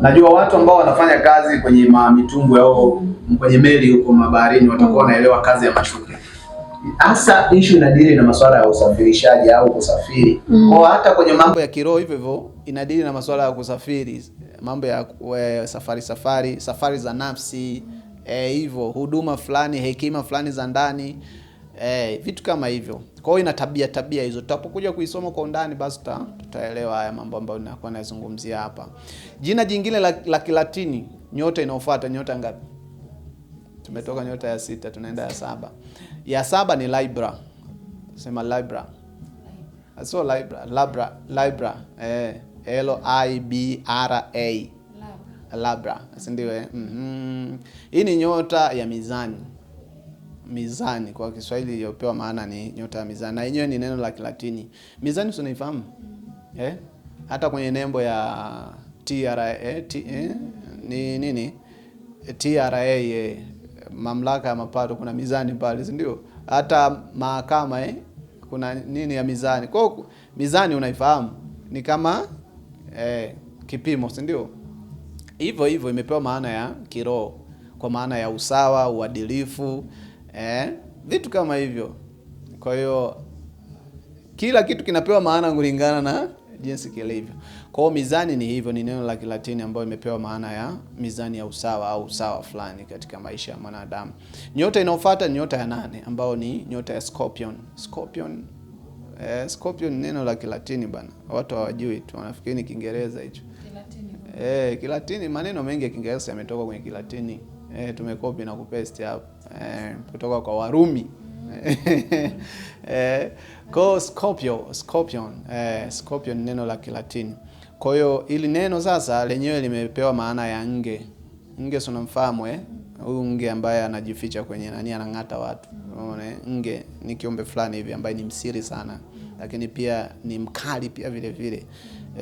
Najua watu ambao wanafanya kazi kwenye mitumbwi au kwenye meli huko mabaharini watakuwa wanaelewa kazi ya mashuka Hasa issue inadili na masuala ya usafirishaji au kusafiri. Mm. Kwa hata kwenye mambo ya kiroho hivyo hivyo inadili na masuala ya kusafiri, mambo ya we, eh, safari safari, safari za nafsi, eh, hivyo e, huduma fulani, hekima fulani za ndani eh, vitu kama hivyo. Kwa hiyo ina tabia tabia hizo, tutapokuja kuisoma kwa undani basi tutaelewa haya mambo ambayo ninakuwa nazungumzia hapa. Jina jingine la, la Kilatini nyota inaofuata, nyota ngapi? Tumetoka nyota ya sita, tunaenda ya saba. Ya saba ni Libra, sema Libra, sio Libra, Libra, Libra eh, L I B R A Labra, si ndio? mm -hmm. Hii ni nyota ya mizani mizani kwa Kiswahili iliyopewa maana ni nyota ya mizani, na yenyewe ni neno la Kilatini. Mizani unaifahamu mm. eh? Hata kwenye nembo ya TRA eh, eh, ni nini TRA eh, mamlaka ya mapato kuna mizani pale, si ndio? Hata mahakama eh, kuna nini ya mizani. Kwa hiyo mizani unaifahamu ni kama eh, kipimo, si ndio? Hivyo hivyo imepewa maana ya kiroho kwa maana ya usawa, uadilifu eh, vitu kama hivyo. Kwa hiyo kila kitu kinapewa maana kulingana na jinsi kilivyo. Kwa hiyo mizani ni hivyo, ni neno la Kilatini ambayo imepewa maana ya mizani ya usawa au usawa fulani katika maisha ya mwanadamu. Nyota inayofuata ni nyota ya nane ambayo ni nyota ya Scorpion. Scorpion, eh, Scorpion neno la Kilatini bana, watu hawajui tu wanafikiri ni Kiingereza hicho. Eh, Kilatini, maneno mengi ya Kiingereza yametoka kwenye Kilatini. Eh, tumekopi na kupaste hapo. Eh, kutoka kwa Warumi. Eh, ko Scorpio, Scorpion, eh, Scorpion neno la Kilatini. Kwa hiyo ili neno sasa lenyewe limepewa maana ya nge. Nge si unamfahamu eh? Huyu nge ambaye anajificha kwenye nani, anang'ata watu. Unaona, nge ni kiumbe fulani hivi ambaye ni msiri sana, lakini pia ni mkali pia vile vile.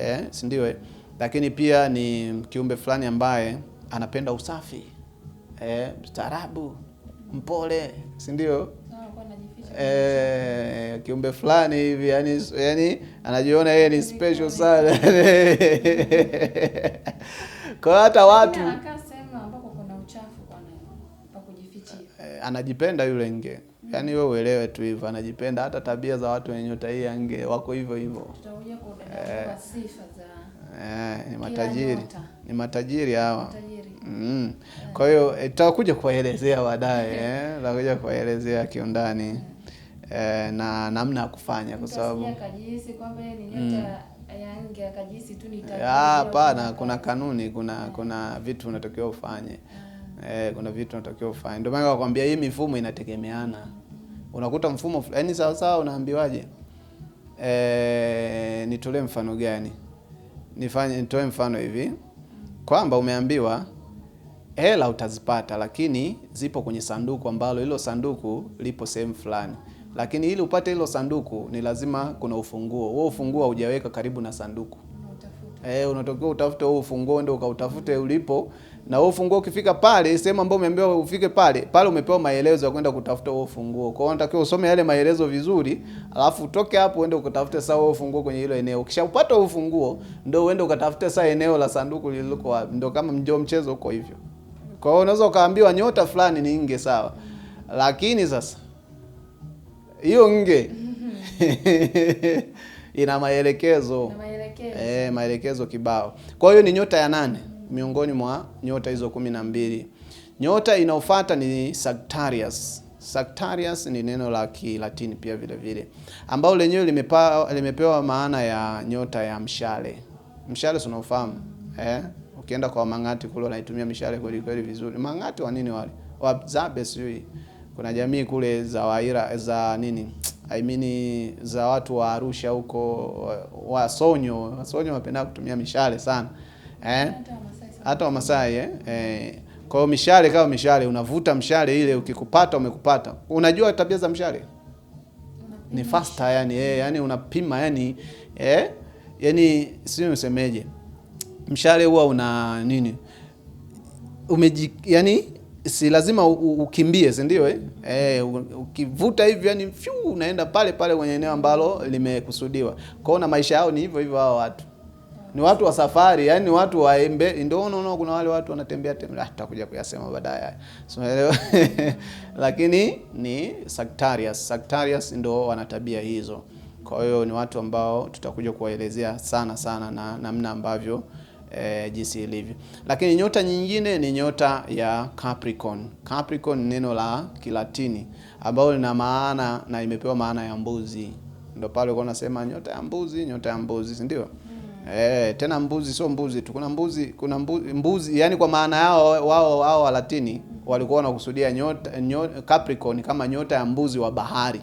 Eh, si ndio eh? lakini pia ni kiumbe fulani ambaye anapenda usafi e, eh, mstaarabu, mpole, si ndio? E, kiumbe fulani hivi yani, yani anajiona yeye ni special sana kwa hata watu eh, anajipenda yule nge, yaani wewe uelewe tu hivyo, anajipenda. Hata tabia za watu wenye nyota hii ya nge wako hivyo hivyo. Eh, ni matajiri ni matajiri hawa mm. Kwa hiyo eh, tutakuja kuwaelezea baadaye eh, tutakuja kuwaelezea kiundani eh, na namna ya kufanya kwa sababu mm. ah, hapana, kuna kanuni, kuna kuna vitu unatakiwa ufanye ah. eh, kuna vitu unatakiwa ufanye. Ndio maana nakwambia hii mifumo inategemeana, unakuta mfumo yaani sawasawa, unaambiwaje eh, nitolee mfano gani? nifanye nitoe mfano hivi kwamba umeambiwa hela utazipata, lakini zipo kwenye sanduku ambalo hilo sanduku lipo sehemu fulani, lakini ili upate hilo sanduku ni lazima kuna ufunguo. Huo ufunguo haujaweka karibu na sanduku, eh, unatakiwa utafute huo ufunguo ndio ukautafute ulipo na huo funguo ukifika pale sehemu ambayo umeambiwa ufike pale pale, umepewa maelezo ya kwenda kutafuta huo funguo. Kwa hiyo unatakiwa usome yale maelezo vizuri, alafu utoke hapo uende ukatafute saa huo funguo kwenye hilo eneo. Ukishapata huo funguo, ndio uende ukatafute saa eneo la sanduku lililoko wapi. Ndio kama mjo mchezo uko hivyo. Kwa hiyo unaweza ukaambiwa nyota fulani ni nge, sawa, lakini sasa hiyo nge ina maelekezo, ina maelekezo, eh, maelekezo kibao. Kwa hiyo ni nyota ya nane miongoni mwa nyota hizo kumi na mbili. Nyota inayofuata ni Sagittarius. Sagittarius ni neno la Kilatini pia vile vile ambao lenyewe limepewa maana ya nyota ya mshale. Mshale unaofahamu eh? Ukienda kwa Mang'ati kule wanaitumia mishale kweli kweli vizuri. Mang'ati wa nini wale? Zabe sijui. Kuna jamii kule za Waira za nini? I mean za watu wa Arusha huko Wasonyo. Sonyo wapenda kutumia mishale sana. Eh? hata Wamasai eh? Eh, kwa hiyo mishale kama mishale, unavuta mshale ile, ukikupata umekupata. Unajua tabia za mshale ni faster yani, eh, yani unapima yani eh, yani sio nisemeje, mshale huwa una nini umeji, yani si lazima ukimbie, si ndio eh? Eh, ukivuta hivi yani fyu, unaenda pale pale kwenye eneo ambalo limekusudiwa. kwao, na maisha yao ni hivyo hivyo hao watu ni watu wa safari, yani watu waembe. Ndio unaona kuna wale watu wanatembea tembea, hata ah, kuja kuyasema baadaye, unaelewa lakini ni Sagittarius. Sagittarius ndio wana tabia hizo. Kwa hiyo ni watu ambao tutakuja kuwaelezea sana sana na namna ambavyo E, jinsi ilivyo. Lakini nyota nyingine ni nyota ya Capricorn. Capricorn ni neno la Kilatini ambayo lina maana na imepewa maana ya mbuzi, ndio pale uko unasema nyota ya mbuzi, nyota ya mbuzi, si ndio? Eh, tena mbuzi sio mbuzi tu, kuna mbuzi kuna mbuzi, mbuzi yani kwa maana yao wao wa Walatini walikuwa wanakusudia nyota, nyota Capricorn kama nyota ya mbuzi wa bahari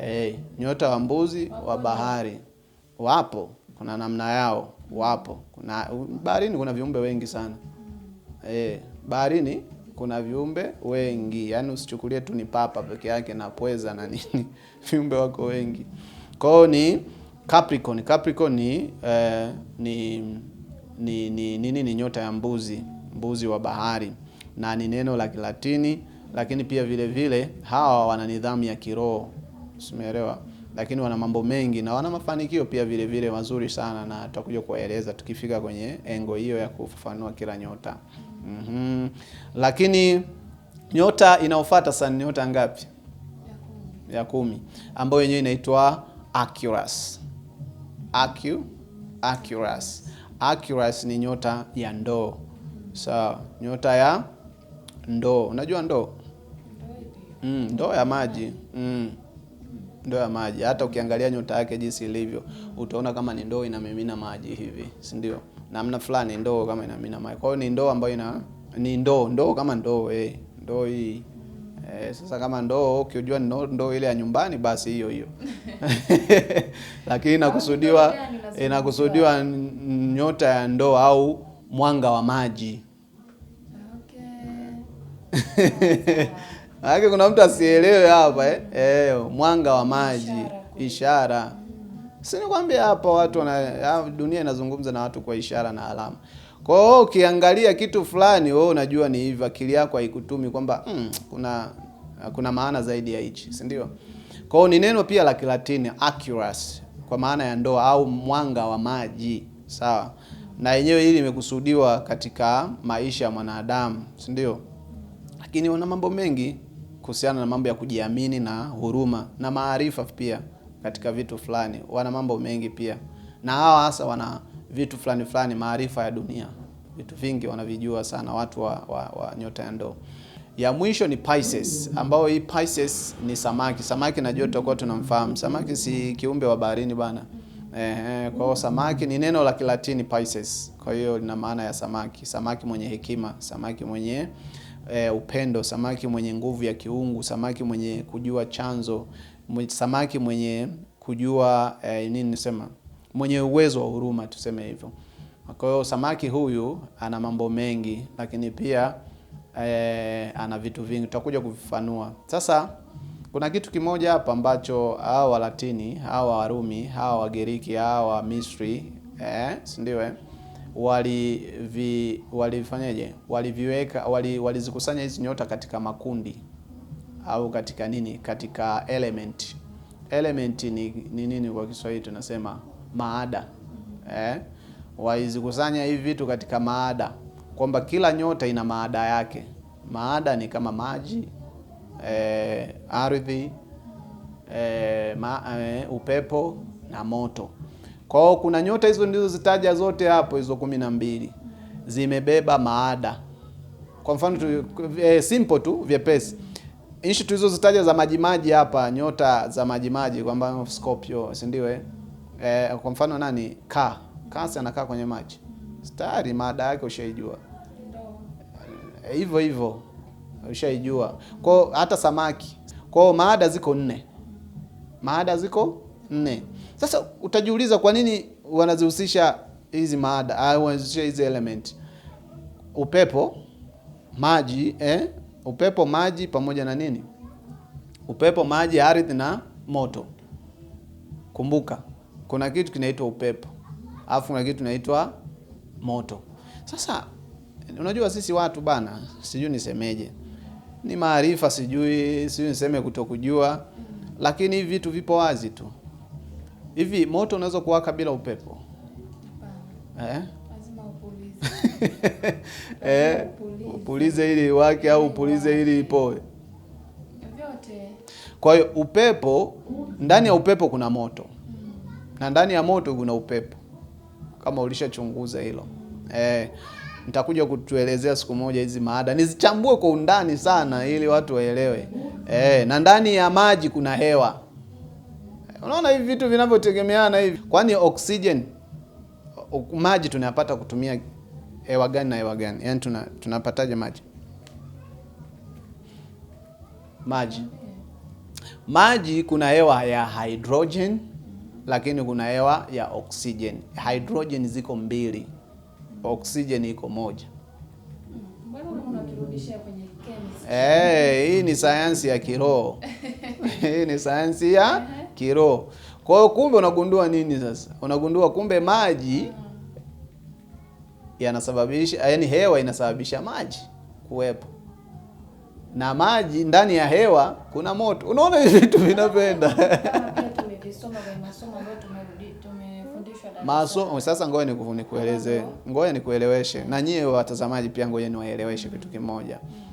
Eh, nyota wa mbuzi wa bahari wapo, kuna namna yao wapo, kuna baharini kuna viumbe wengi sana Eh, baharini kuna viumbe wengi yani, usichukulie tu ni papa peke yake na pweza na nini viumbe wako wengi kwao ni Capricorn. Capricorn ni, eh, ni, ni, ni, ni, ni, ni nyota ya mbuzi, mbuzi wa bahari na ni neno la Kilatini, lakini pia vile vile hawa wana nidhamu ya kiroho, simeelewa, lakini wana mambo mengi na wana mafanikio pia vile vile mazuri sana, na tutakuja kuwaeleza tukifika kwenye engo hiyo ya kufafanua kila nyota mm -hmm. Lakini nyota inayofuata sana nyota ngapi? Ya kumi, ya kumi ambayo yenyewe inaitwa Aquarius. Acu, acuras acuras ni nyota ya ndoo. Sawa, so, nyota ya ndoo. Unajua ndoo? Mm, ndoo ya maji. Mm. Ndoo ya maji. Hata ukiangalia nyota yake jinsi ilivyo, utaona kama ni ndoo inamimina maji hivi, si ndio? Namna fulani ndoo kama inamimina maji. Kwa hiyo ni ndoo ambayo ina ni ndoo, ndoo kama ndoo eh, ndoo hii Eh, sasa kama ndoo ukijua ndoo ile ya nyumbani basi hiyo hiyo lakini inakusudiwa inakusudiwa nyota ya ndoo au mwanga wa maji okay. kuna mtu asielewe hapa eh? Mm. Eh, mwanga wa maji ishara, ishara. Mm. Sinikwambia hapa watu wana dunia inazungumza na watu kwa ishara na alama. Kwa hiyo ukiangalia kitu fulani wewe unajua ni hivyo, akili yako haikutumi kwamba mm, kuna kuna maana zaidi ya hichi, si ndio? Kwa hiyo ni neno pia la Kilatini accuracy, kwa maana ya ndoa au mwanga wa maji, sawa na yenyewe hili limekusudiwa katika maisha ya mwanadamu, si ndio? Lakini una mambo mengi kuhusiana na mambo ya kujiamini na huruma na maarifa pia katika vitu fulani, wana mambo mengi pia, na hawa hasa wana vitu fulani fulani, maarifa ya dunia, vitu vingi wanavijua sana watu wa, wa, wa nyota ya ndoo. Ya mwisho ni Pisces, ambao hii Pisces ni samaki. Samaki najua tutakuwa tunamfahamu samaki, si kiumbe wa baharini bana. Eh, kwa hiyo samaki ni neno la Kilatini Pisces, kwa hiyo lina maana ya samaki, samaki mwenye hekima, samaki mwenye e, upendo, samaki mwenye nguvu ya kiungu, samaki mwenye kujua chanzo, samaki mwenye kujua e, nini nisema mwenye uwezo wa huruma, tuseme hivyo. Kwa hiyo samaki huyu ana mambo mengi, lakini pia e, ana vitu vingi tutakuja kuvifanua. Sasa kuna kitu kimoja hapa ambacho hawa Walatini, hawa Warumi, hawa Wagiriki, hawa Misri eh, si ndio eh? Walivi, walifanyaje? Waliviweka, walizikusanya hizi nyota katika makundi au katika nini, katika element. Element ni, ni nini kwa Kiswahili tunasema maada eh, waizikusanya hivi vitu katika maada, kwamba kila nyota ina maada yake. Maada ni kama maji eh, ardhi eh, ma, eh, upepo na moto. Kwao kuna nyota hizo ndizo zitaja zote hapo, hizo kumi na mbili zimebeba maada. Kwa mfano tu, eh, simple tu vyepesi nchi tulizozitaja za majimaji hapa, nyota za majimaji kwamba Scorpio, si ndio eh? eh, kwa mfano nani kaa kasi anakaa kwenye maji tayari, maada yake ushaijua eh, hivyo hivyo ushaijua. Kwa hata samaki, kwa maada ziko nne, maada ziko nne. Sasa utajiuliza kwa nini wanazihusisha hizi maada au ah, wanazihusisha hizi element, upepo maji eh? upepo maji pamoja na nini, upepo maji, ardhi na moto. Kumbuka kuna kitu kinaitwa upepo, alafu kuna kitu kinaitwa moto. Sasa unajua sisi watu bana, sijui nisemeje, ni maarifa, sijui sijui niseme kutokujua, lakini hivi vitu vipo wazi tu. Hivi moto unaweza kuwaka bila upepo eh? Eh, upulize ili wake au upulize ili ipoe. Kwa hiyo upepo, ndani ya upepo kuna moto na ndani ya moto kuna upepo, kama ulishachunguza hilo eh. Nitakuja kutuelezea siku moja hizi maada nizichambue kwa undani sana, ili watu waelewe eh. Na ndani ya maji kuna hewa. Unaona hivi vitu vinavyotegemeana hivi, kwani oxygen maji tunayapata kutumia hewa gani na hewa gani? Yaani tuna, tunapataje maji? Maji maji kuna hewa ya hydrogen lakini kuna hewa ya oxygen. Hydrogen ziko mbili, oxygen iko moja. Hey, eh, hii ni sayansi ya kiroho hii ni sayansi ya uh-huh. kiroho. Kwa hiyo kumbe, unagundua nini sasa? Unagundua kumbe maji uh-huh. yanasababisha, yaani hewa inasababisha maji kuwepo, na maji ndani ya hewa kuna moto. Unaona vitu vinapenda tulisoma kwenye masomo ambayo tumerudi tumefundishwa Masomo sasa, ngoja nikueleze, ngoja nikueleweshe, na nyie watazamaji pia, ngoja niwaeleweshe kitu kimoja.